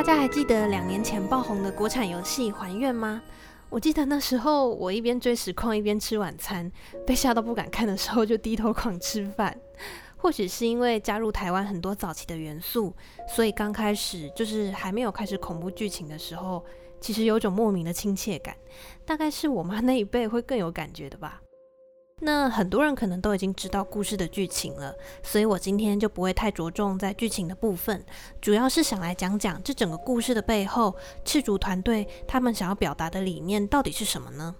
大家還記得兩年前爆紅的國產遊戲《還願》嗎？我記得那時候我一邊追實況一邊吃晚餐，被嚇到不敢看的時候就低頭狂吃飯。或許是因為加入台灣很多早期的元素，所以剛開始就是還沒有開始恐怖劇情的時候，其實有種莫名的親切感。大概是我媽那一輩會更有感覺的吧。那很多人可能都已經知道故事的劇情了，所以我今天就不會太着重在劇情的部分，主要是想來講講這整個故事的背後，赤燭團隊他們想要表達的理念到底是什麼呢？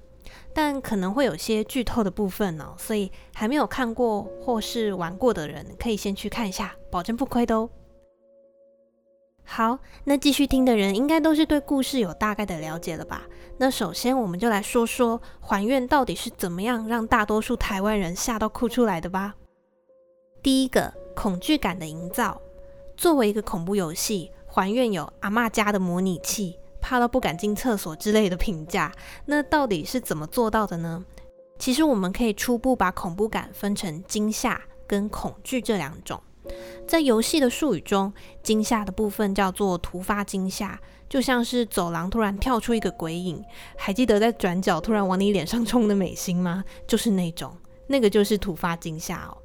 但可能會有些劇透的部分哦，所以還沒有看過或是玩過的人，可以先去看一下，保證不虧的哦。好，那繼續聽的人應該都是對故事有大概的了解了吧？那首先我們就來說說《還願》到底是怎麼樣讓大多數台灣人嚇到哭出來的吧。第一個，恐懼感的營造。作為一個恐怖遊戲，《還願》有阿嬤家的模擬器、怕到不敢進廁所之類的評價。那到底是怎麼做到的呢？其實我們可以初步把恐怖感分成驚嚇跟恐懼這兩種。在遊戲的術語中，驚嚇的部分叫做突發驚嚇，就像是走廊突然跳出一個鬼影。還記得在轉角突然往你臉上衝的美心嗎？就是那種，那個就是突發驚嚇哦。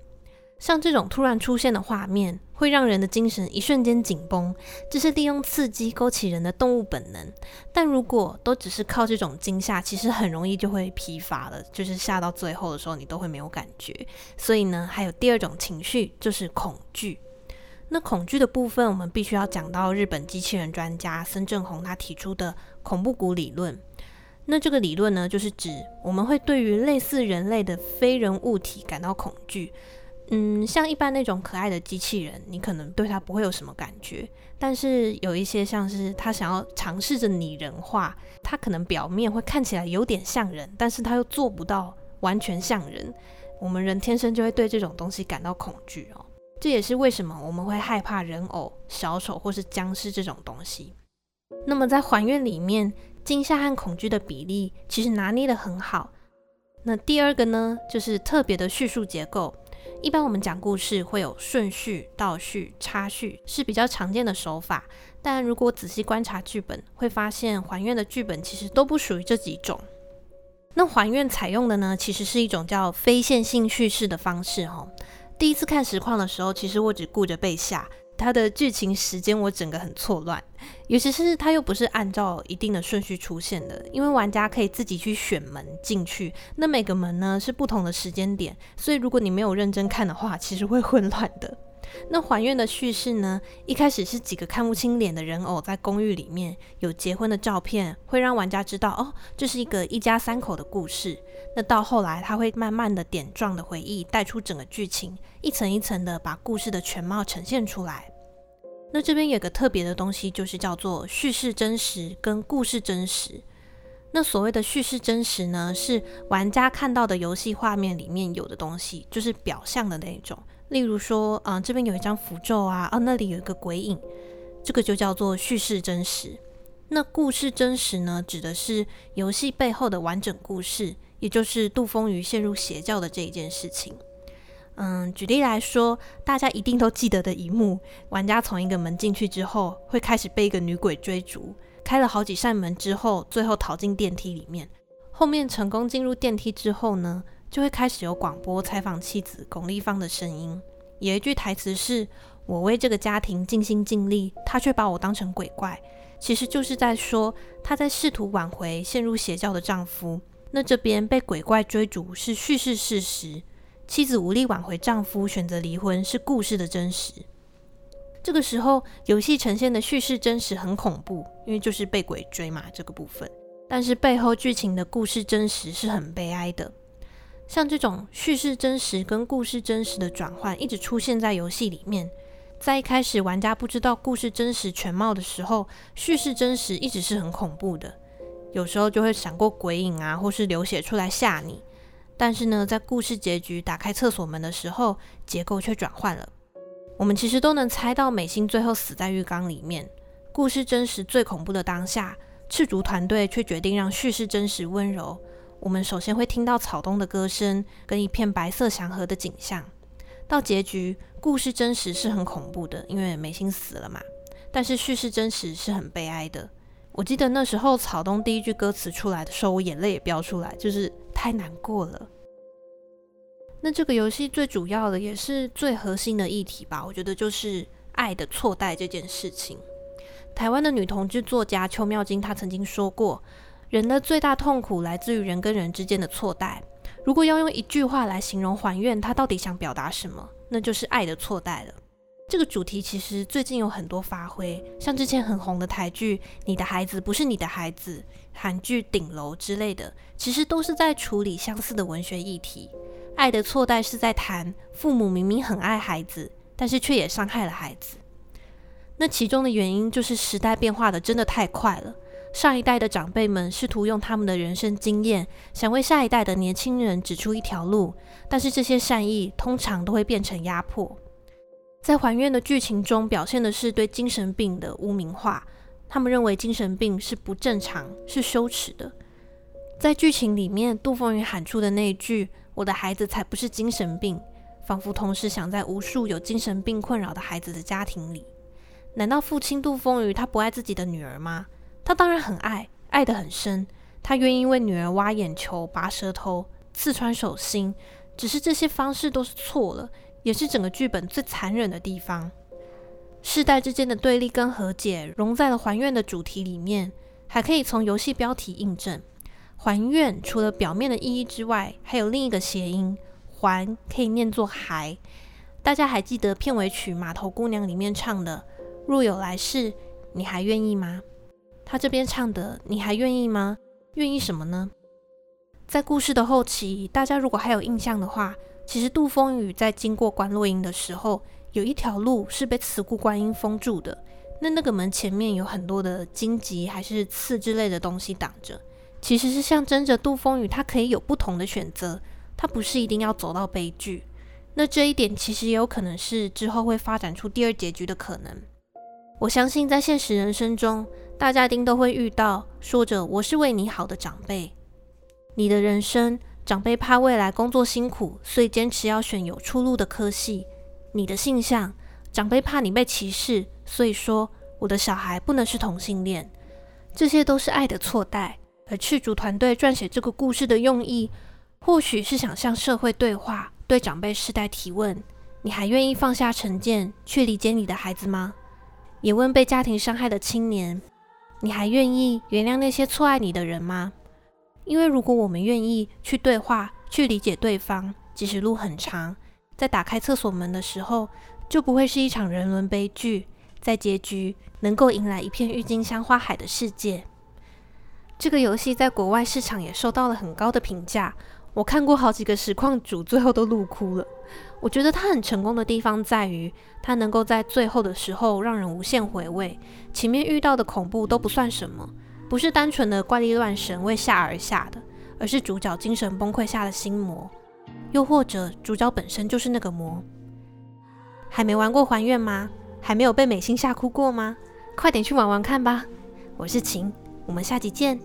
像這種突然出現的畫面。會讓人的精神一瞬間緊繃，這是利用刺激勾起人的動物本能。但如果都只是靠這種驚嚇，其實很容易就會疲乏了，就是嚇到最後的時候，你都會沒有感覺。所以呢，還有第二種情緒就是恐懼。那恐懼的部分，我們必須要講到日本機器人專家森政弘他提出的恐怖谷理論。那這個理論呢，就是指我們會對於類似人類的非人物體感到恐懼。嗯，像一般那種可愛的機器人，你可能對它不會有什麼感覺。但是有一些像是它想要嘗試着擬人化，它可能表面會看起來有點像人，但是它又做不到完全像人。我們人天生就會對這種東西感到恐懼哦，這也是為什麼我們會害怕人偶、小丑或是殭屍這種東西。那麼在還願裡面，驚嚇和恐懼的比例其實拿捏得很好。那第二個呢，就是特別的敘述結構。一般我們講故事會有順序、倒敘、插敘，是比較常見的手法，但如果仔細觀察劇本，會發現還願的劇本其實都不屬於這幾種。那還願採用的呢，其實是一種叫非線性敘事的方式哈。第一次看實況的時候，其實我只顧着被嚇。它的劇情時間我整個很錯亂，尤其是它又不是按照一定的順序出現的，因為玩家可以自己去選門進去，那每個門呢是不同的時間點，所以如果你沒有認真看的話，其實會混亂的。那還願的敘事呢？一開始是幾個看不清臉的人偶在公寓裡面，有結婚的照片，會讓玩家知道哦，這是一個一家三口的故事。那到後來，他會慢慢的點狀的回憶帶出整個劇情，一層一層的把故事的全貌呈現出來，那這邊有個特別的東西，就是叫做敘事真實跟故事真實。那所謂的敘事真實呢，是玩家看到的遊戲畫面裡面有的東西，就是表象的那一種。例如說，啊、嗯，這邊有一張符咒啊，啊，那裡有一個鬼影，這個就叫做敘事真實。那故事真實呢，指的是遊戲背後的完整故事，也就是杜豐於陷入邪教的這一件事情。嗯，舉例來說，大家一定都記得的一幕，玩家從一個門進去之後，會開始被一個女鬼追逐，開了好幾扇門之後，最後逃進電梯裡面。後面成功進入電梯之後呢，就會開始有廣播採訪妻子鞏莉芳的聲音，有一句台詞是“我為這個家庭盡心盡力，她卻把我當成鬼怪”，其實就是在說她在試圖挽回陷入邪教的丈夫。那這邊被鬼怪追逐是敘事事實，妻子無力挽回丈夫選擇離婚是故事的真實。這個時候遊戲呈現的敘事真實很恐怖，因為就是被鬼追嘛，這個部分，但是背後劇情的故事真實是很悲哀的。像這種敘事真實跟故事真實的轉換，一直出現在遊戲裡面。在一開始玩家不知道故事真實全貌的時候，敘事真實一直是很恐怖的，有時候就會閃過鬼影啊，或是流血出來嚇你。但是呢，在故事結局打開廁所門的時候，結構卻轉換了。我們其實都能猜到美心最後死在浴缸裡面。故事真實最恐怖的當下，赤燭團隊卻決定讓敘事真實溫柔。我們首先會聽到草東的歌聲，跟一片白色祥和的景象。到結局，故事真實是很恐怖的，因為美心死了嘛。但是敘事真實是很悲哀的。我記得那時候草東第一句歌詞出來的時候，我眼淚也飆出來，就是太難過了。那這個遊戲最主要的也是最核心的議題吧，我覺得就是愛的錯待這件事情。台灣的女同志作家邱妙津她曾經說過。人的最大痛苦來自於人跟人之間的錯待。如果要用一句話來形容還願，他到底想表達什麼？那就是愛的錯待了。這個主題其實最近有很多發揮，像之前很紅的台劇《你的孩子不是你的孩子》，韓劇《頂樓》之類的，其實都是在處理相似的文學議題。愛的錯待是在談父母明明很愛孩子，但是卻也傷害了孩子。那其中的原因就是時代變化的真的太快了。上一代的長輩們試圖用他們的人生經驗，想為下一代的年輕人指出一條路，但是這些善意通常都會變成壓迫。在還願的劇情中表現的是對精神病的污名化，他們認為精神病是不正常、是羞恥的。在劇情裡面，杜豐於喊出的那一句“我的孩子才不是精神病”，仿佛同時想在無數有精神病困擾的孩子的家庭裡，難道父親杜豐於他不愛自己的女兒嗎？他當然很愛，愛得很深。他願意為女兒挖眼球、拔舌頭、刺穿手心，只是這些方式都是錯了，也是整個劇本最殘忍的地方。世代之間的對立跟和解融在了還願的主題裡面，還可以從遊戲標題印證。還願除了表面的意義之外，還有另一個諧音，還可以念作還。大家還記得片尾曲《碼頭姑娘》裡面唱的：“若有來世，你還願意嗎？”他這邊唱的，你還願意嗎？願意什麼呢？在故事的後期，大家如果還有印象的話，其實杜豐於在經過觀落陰的時候，有一條路是被慈孤觀音封住的。那那個門前面有很多的荊棘還是刺之類的東西擋着，其實是象徵着杜豐於他可以有不同的選擇，他不是一定要走到悲劇。那這一點其實也有可能是之後會發展出第二結局的可能。我相信，在現實人生中，大家一定都會遇到說着“我是為你好的”長輩。你的人生長輩怕未來工作辛苦，所以堅持要選有出路的科系。你的性向長輩怕你被歧視，所以說我的小孩不能是同性戀。這些都是愛的錯待。而赤燭團隊撰寫這個故事的用意，或許是想向社會對話，對長輩世代提問：你還願意放下成見，去理解你的孩子嗎？也問被家庭傷害的青年，你還願意原諒那些錯愛你的人嗎？因為如果我們願意去對話，去理解對方，即使路很長，在打開廁所門的時候，就不會是一場人倫悲劇，在結局能夠迎來一片鬱金香花海的世界。這個遊戲在國外市場也受到了很高的評價。我看過好幾個實況主，最後都錄哭了。我覺得他很成功的地方在於，他能夠在最後的時候讓人無限回味。前面遇到的恐怖都不算什麼，不是單純的怪力亂神為嚇而嚇的，而是主角精神崩潰下的心魔，又或者主角本身就是那個魔。還沒玩過還願嗎？還沒有被美心嚇哭過嗎？快點去玩玩看吧！我是晴，我們下集見。